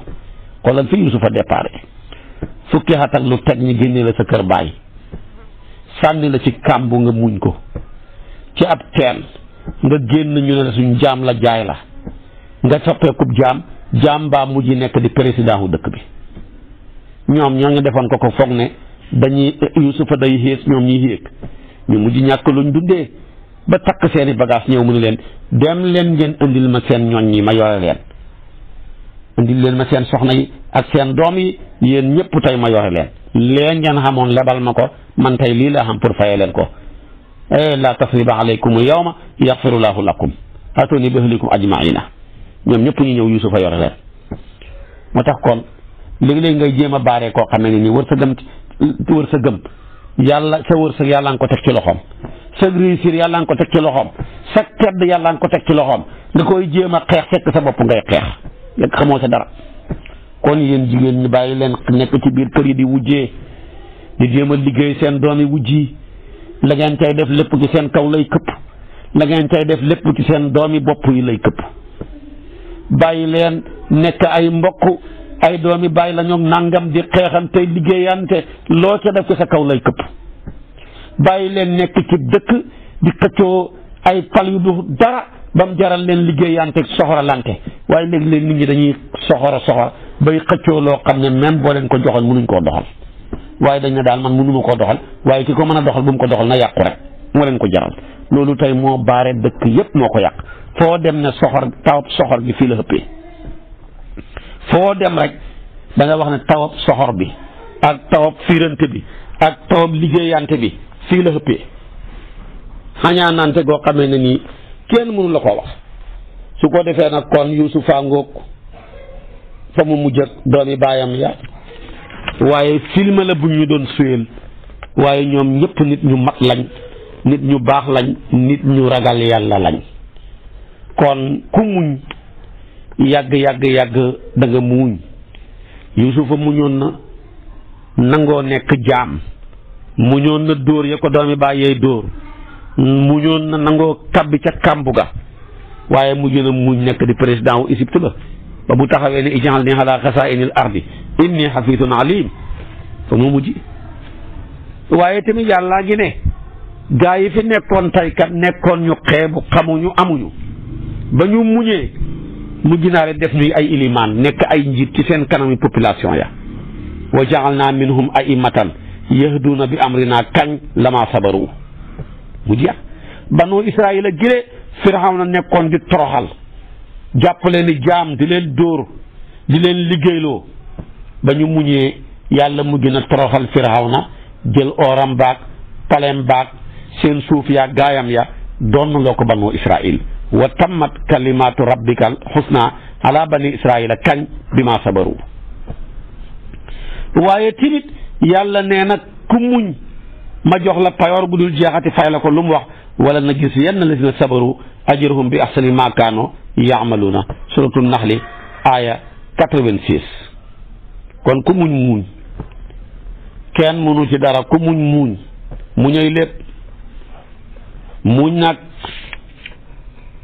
S1: xoolal fi Yuusufa déparé fukki at ak lu teg ñu génne la sa kër baay sànni la ci kàmbu nga muñ ko ci ab teen nga génn ñu ne suñ jaam la jaay la. nga soppeekub jaam jaam baa mujj nekk di président wu dëkk bi ñoom ñoo ngi defoon ko ko foog ne dañuy Yuusufa day xées ñoom ñuy yéeg ñu mujj ñàkk luñ dundee ba takk seeni bagage ñëw mu leen dem leen ngeen indil ma seen ñoñ yi ma yore leen indil leen ma seen soxna yi ak seen doom yi yéen ñëpp tey ma yore leen leen ngeen xamoon lebal ma ko man tey lii laa xam pour fayee leen ko e laa tasriba alaykum yawma yaxfirullaahu lakum atuni bi ahlikum ajmaina ñoom ñëpp ñu ñëw Yuusufa yore leen moo tax kon léegi-léegi ngay jéem a baaree koo xam ne nii wër sa gëm wër sa gëm yàlla sa wërsëg yàlla nga ko teg ci loxoom sa yàlla nga ko teg ci loxoom sa tedd yàlla nga ko teg ci loxoom nga koy jéem a xeex fekk sa bopp ngay xeex fekk xamoo sa dara kon yéen jigéen ñu bàyyi leen nekk ci biir kër yi di wujjee di jéem a liggéey seen doomi wujji la ngeen cay def lépp ci seen kaw lay këpp la ngeen cay def lépp ci seen doomi bopp yi lay këpp bàyyi leen nekk ay mbokk ay doomi bàyyi la ñoom nangam di xeexante liggéeyante loo ca def ko sa kaw lay këpp bàyyi leen nekk ci dëkk di xëccoo ay pal yu du dara ba mu jaral leen liggéeyante soxoralante waaye léegi-léegi nit ñi dañuy soxora soxor bay xëccoo loo xam ne même boo leen ko joxal mënuñ koo doxal waaye dañ ne daal man mënuma koo doxal waaye ki ko mën a doxal bu mu ko doxal na yàqu rek moo leen ko jaral loolu tey moo baare dëkk yépp moo ko yàq foo dem na soxor tawab soxor bi fii la ëppee foo dem rek dangay wax ne tawab soxor bi ak tawab fiirante bi ak tawab liggéeyante bi fii la ëppee xañaanante goo xamee ne nii kenn mënu la ko wax su ko defee nag kon yuusufa ngoog fa mu mujjat ak doomi baayam ya waaye film la bu ñu doon suyeel waaye ñoom ñëpp nit ñu mat lañ nit ñu baax lañ nit ñu ragal yàlla lañ kon ku muñ yàgg yàgg yàgg da nga muñ yusufa muñoon na nangoo nekk jaam muñoon na dóor ya ko doomi bàyyee dóor muñoon na nangoo kabbi ca kàmbu waaye mujj na muñ nekk di président wu Égypte ba ba bu taxawee ne ijaal ni ala xasaa'inil ardi inni xafiisun alim fa mu mujj waaye tamit yàllaa ngi ne gaa yi fi nekkoon kat nekkoon ñu xeebu xamuñu amuñu ba ñu muñee naa ginaare def ñuy ay ilimaan nekk ay njiit ci seen kanami population ya wa ja'alna minhum a'immatan yahduuna bi am amrina kañ lama sabaru mu jeex banu israila gile na nekkoon di toroxal jàpp leen ni jaam di leen dóor di leen liggéeyloo ba ñu muñee yàlla mujj na a toroxal na jël oram baag palem baag seen suuf ya gaayam ya doon loo ko banu israil wa tammat kalimatu rabbikal xusna ala bani israila kañ bi ma sabaru waaye tamit yàlla nee na ku muñ ma jox la payoor bu dul jeexati fay la ko lu mu wax wala na gis yenn lazina sabaru ajruhum bi ahsani ma kaano yaamaluuna suratul naxli aaya 86 kon ku muñ muñ kenn mënu ci dara ku muñ muñ muñay lépp muñ nag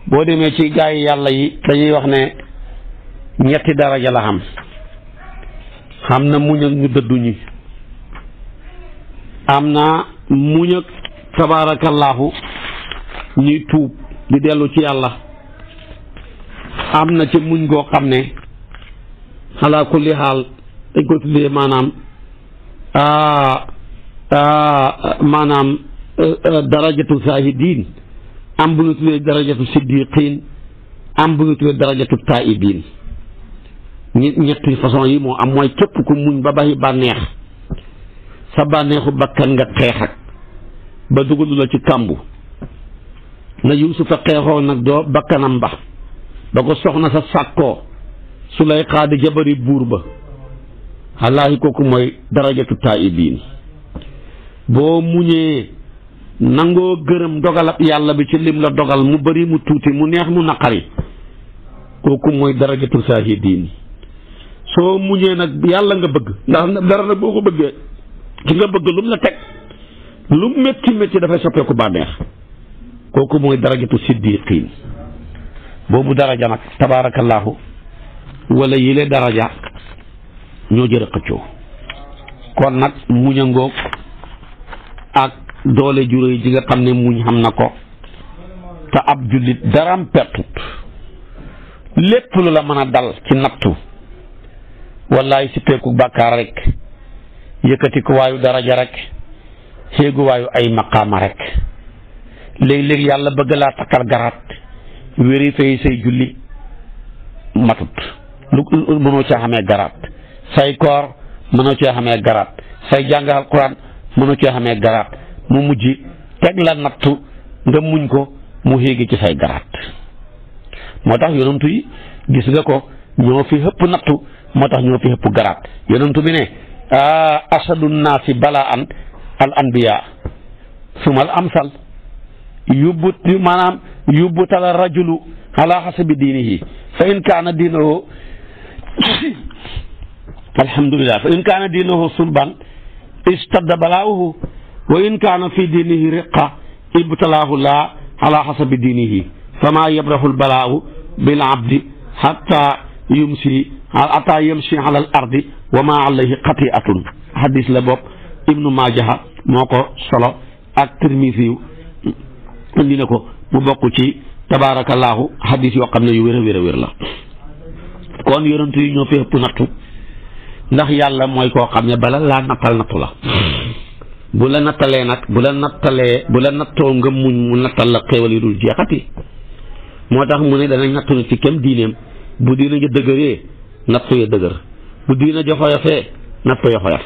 S1: boo demee ci gaa yi yàlla yi dañuy wax ne ñetti daraja la xam xam na muñ ak ñu dëddu ñi am na muñ ak tabaarakallaahu ñuy tuub di dellu ci yàlla am na ci muñ goo xam ne ala kulli xaal dañ ko tuddee maanaam maanaam darajatu saahidiin am bu ñu tuddee darajatu siddiqin am bu ñu tuddee darajatu taibin ñi ñetti façon yi moo am mooy képp ku muñ ba bàyyi bànneex sa bànneexu bakkan nga xeex ak ba dugalu la ci kàmbu na yuusufa xeexoo nag doo bakkanam ba ba ko soxna sa sàkkoo su lay xaadi jabari buur ba alaahi kooku mooy darajatu taibin boo muñee nangoo gërëm dogalab yàlla bi ci lim la dogal mu bari mu tuuti mu neex mu naqari kooku mooy darajatu saahidiin soo muñee nag yàlla nga bëgg ndax dara nag boo ko bëggee ki nga bëgg lu la teg lu métti métti dafay soppeeku bànneex kooku mooy darajatu siddiqiin boobu daraja nag tabaarakallaahu wala yile daraja ñoo jërë xëccoo kon nag muñ a ngoog ak doole juróoy ji nga xam ne muñ xam na ko te ab jullit daram pertut lépp lu la mën a dal ci nattu wallaay sippeeku bàkkaar rek yëkkati ko waayu daraja rek xéeguwaayu ay maqaama rek léeg-léeg yàlla bëgg laa takkal garaat wéri fay say julli matut lu mënoo caa xamee garaat say koor mënoo caa xamee garaat say jàngal Alxuraan mënoo caa xamee garaat mu mujj teg la nattu nga muñ ko mu xéegi ci say garaat moo tax yonantu gis nga ko ñoo fi hëpp nattu moo tax ñoo fi hëpp garaat yonantu bi ne asadu naasi balaa an al anbiya suma al amsal yubbu maanaam yubbu tala rajulu ala xasabi diinihi fa in kaana diinahu alhamdulillah fa in kaana diinahu sulban istadda balaawuhu wa in kaana fi diinihi riqa ibtalaahu laa ala xasabi diinihi fama yabrahu lbalaawu bil abdi xata yumsi xata yamsi ala al ardi wa ma alayhi xatiatun xadis la bopp ibnu maajaha moo ko solo ak tirmisiyu indi na ko mu bokk ci tabaarakallaahu xadis yoo xam ne yu wér a wér a wér la kon yonent yi ñoo fi ëpp nattu ndax yàlla mooy koo xam ne bala laa nattal nattu la bu la nattalee nag bu la nattalee bu la nattoo nga muñ mu nattal la xéewal yu dul jeexati moo tax mu ne danañ nattu nit ci kem diineem bu diina ja dëgëree nattu ya dëgër bu diina ja xoyofee nattu ya xoyof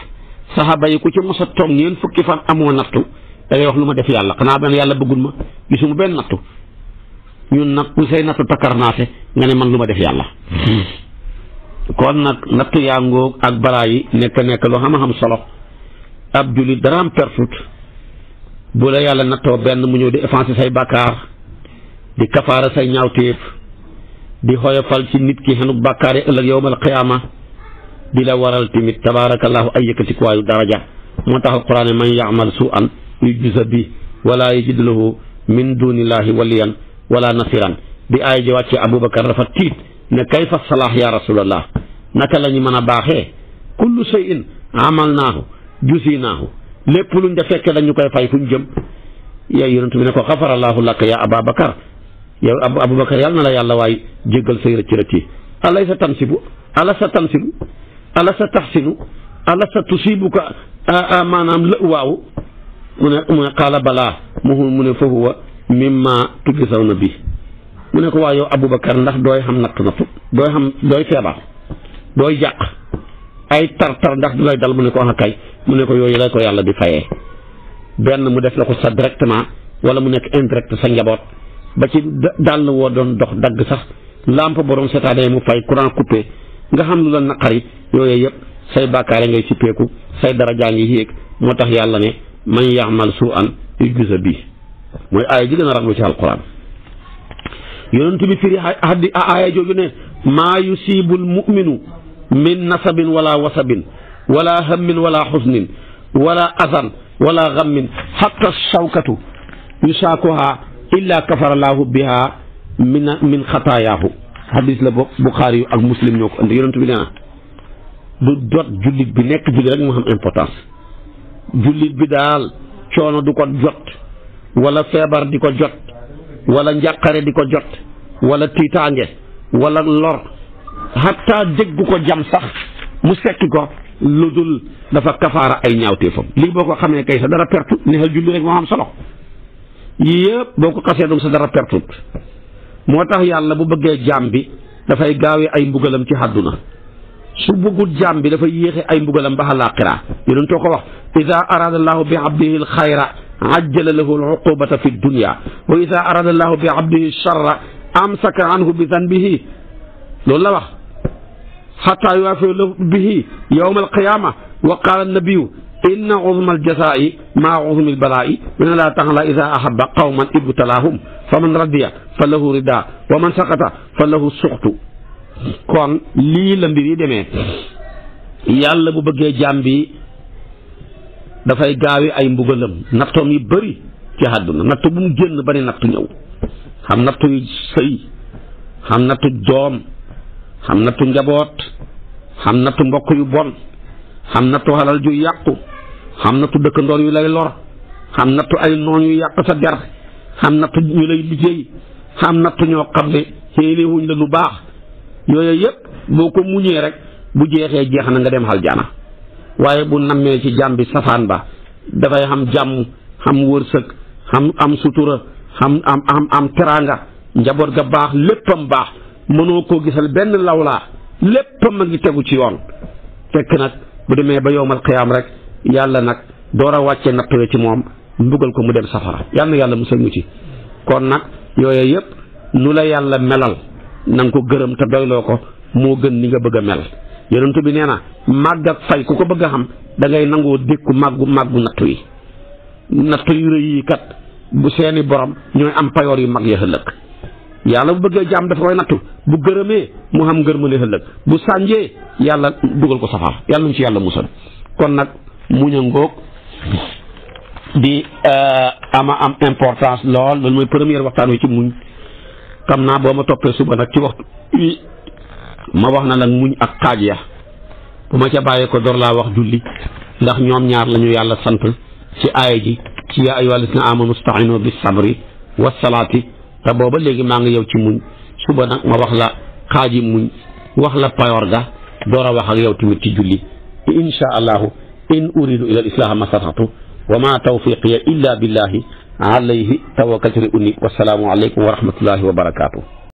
S1: saxaaba yi ku ci mos a toog fukki fan amoo nattu da ngay wax lu ma def yàlla xanaa benn yàlla bëggul ma gisuma benn nattu ñun nag ku say nattu takkarnaase nga ne man lu ma def yàlla hmm. kon nag nattu yaa ngoog ak balaa yi nekk nekk loo xam-xam solo ab jullit dana am perfut bu la yàlla nattoo benn mu ñëw di effacer say bàkkaar di kafaara say ñaawteef di xoyofal ci nit ki xenu bàkkaar yi ëllëg yowmal qiyaama di la waral tamit tabaarakallaahu ay yëkkatikuwaayu daraja moo tax alquraan man yaamal suu an yujza bi wala yajid lahu min duunillaahi waliyan wala nasiran bi aay ji ci aboubacar dafa tiit ne kayfa salaax ya rasulallah naka la ñu mën a baaxee kullu shay'in jusi naahu lépp luñ da fekkee dañu koy fay fu ñu jëm yaay yonent bi ne ko xafarallahu ya yaa ababakar yow abu abubakar yàlla na la yàlla waay jéggal say rëcc rëcc yi sa tansibu ala sa tansibu ala sa taxsinu ala sa tusibuka maanaam lë waaw mu ne mu ne qaala balaa mu mu ne fa huwa mimma na bi mu ne ko waaw yow abubakar ndax dooy xam natt nattu dooy xam dooy feebar dooy jàq ay tar-tar ndax du lay dal mu ne ko ah kay mu ne ko yooyu la ko yàlla di fayee benn mu def la ko sa directement wala mu nekk indirect sa njaboot ba ci dàll woo doon dox dagg sax lampe borom seetaane mu fay courant coupé nga xam lu la naqari yooyu yëpp say bàkkaare ngay sippeeku say darajaa ngi yéeg moo tax yàlla ne man yaamal suu an yujza bi mooy aaya ji gën a raglu ci alquran yonent bi firi haddi aaya jooju ne maa yusibul mu'minu min nasabin wala wasabin wala hammin wala xusnin wala azan wala gammin hatta sawkatu yusaakuha illa kafara laahu biha min min xataayaahu hadis la boog buxaari yu ak muslim ñoo ko andi yonent bi nee na du jot jullit bi nekk jullit rek moo xam importance jullit bi daal coono du ko jot wala feebar di ko jot wala njàqare di ko jot wala tiitaange wala lor xataa dégg ko jam sax mu sekki ko lu dul dafa kafaara ay ñaawteefam lii boo ko xamee kay sa dara ni neexal julli rek moo am solo yii yëpp boo ko xasee donc pertut moo tax yàlla bu bëggee jaam bi dafay gaawee ay mbugalam ci àdduna su bugu jaam bi dafay yéexe ay mbugalam ba àllaaxira yéen too ko wax ida araada allahu bi abdihi l xayra ajjala lahu l uqubata fi dunya wa ida araada allahu bi bi loolu la wax xataa yuwaafiya lahu bihi yawma alqiyaama wa qaala nabiyu inna uzma aljazaa'i maa uzmi albalaa'i inna laa taala idaa ahabba qawman ibtalaahum fa man radiya fa lahu ridaa wa man saqata fa lahu suxtu kon lii la mbir yi demee yàlla bu bëggee jaam bi dafay gaawi ay mbugalam nattoom yi bëri ci àdduna nattu bu mu génn bari nattu ñëw xam nattu sëy xam nattu doom xam nattu njaboot xam nattu mbokk yu bon xam nattu xalal ju yàqu xam nattu dëkkandoor yu lay lor xam nattu ay noon yu yàq sa der xam nattu ñu lay liggéey xam nattu ñoo xam ne wuñ la lu baax yooyu yëpp boo ko muñee rek bu jeexee jeex na nga dem aljana waaye bu nammee ci jàmm bi safaan ba dafay xam jàmm xam wërsëg xam am sutura xam am am am teraanga njaboot ga baax léppam baax mënoo ko gisal benn lawlaa lépp ma ngi tegu ci yoon fekk nag bu demee ba yowmal qiyaam rek yàlla nag door a wàccee nattu ci moom mbugal ko mu dem safara yàlla yàlla musal ñu ci kon nag yooyu yëpp nu la yàlla melal na ko gërëm te doyloo ko moo gën ni nga bëgg a mel yonent bi nee na màgg ak fay ku ko bëgg a xam dangay nangoo dékku màggu màggu nattu yi nattu yi kat bu seeni borom ñooy am payoor yu mag ya ëllëg yàlla mu bëggee jaam dafa koy nattu bu gërëmee mu xam ngër mëne ëllëg bu sànjee yàlla dugal ko safar yàlla ñu ci yàlla musal kon nag muñ a ngoog di euh, ama am importance lool loolu mooy première waxtaan wi ci muñ xam naa boo ma toppee suba nag ci waxtu ma wax na nag muñ ak xaaj ya bu ma ca bàyyee ko door laa wax julli ndax ñoom ñaar lañu yàlla sant ci aaya ji ci yaa ayyuhaa llaziina aamanu ista'iinu bis sabri was salaati te booba léegi maa ngi yow ci muñ suba nag ma wax la xaaji muñ wax la payoor ga door wax ak yow tamit ci julli insha allahu in uridu ila al islaha ma statatu wa ma tawfiqiya illa billahi alayhi tawakkaltu unni wasalaamu aleykum wa rahmatullahi wa barakaatu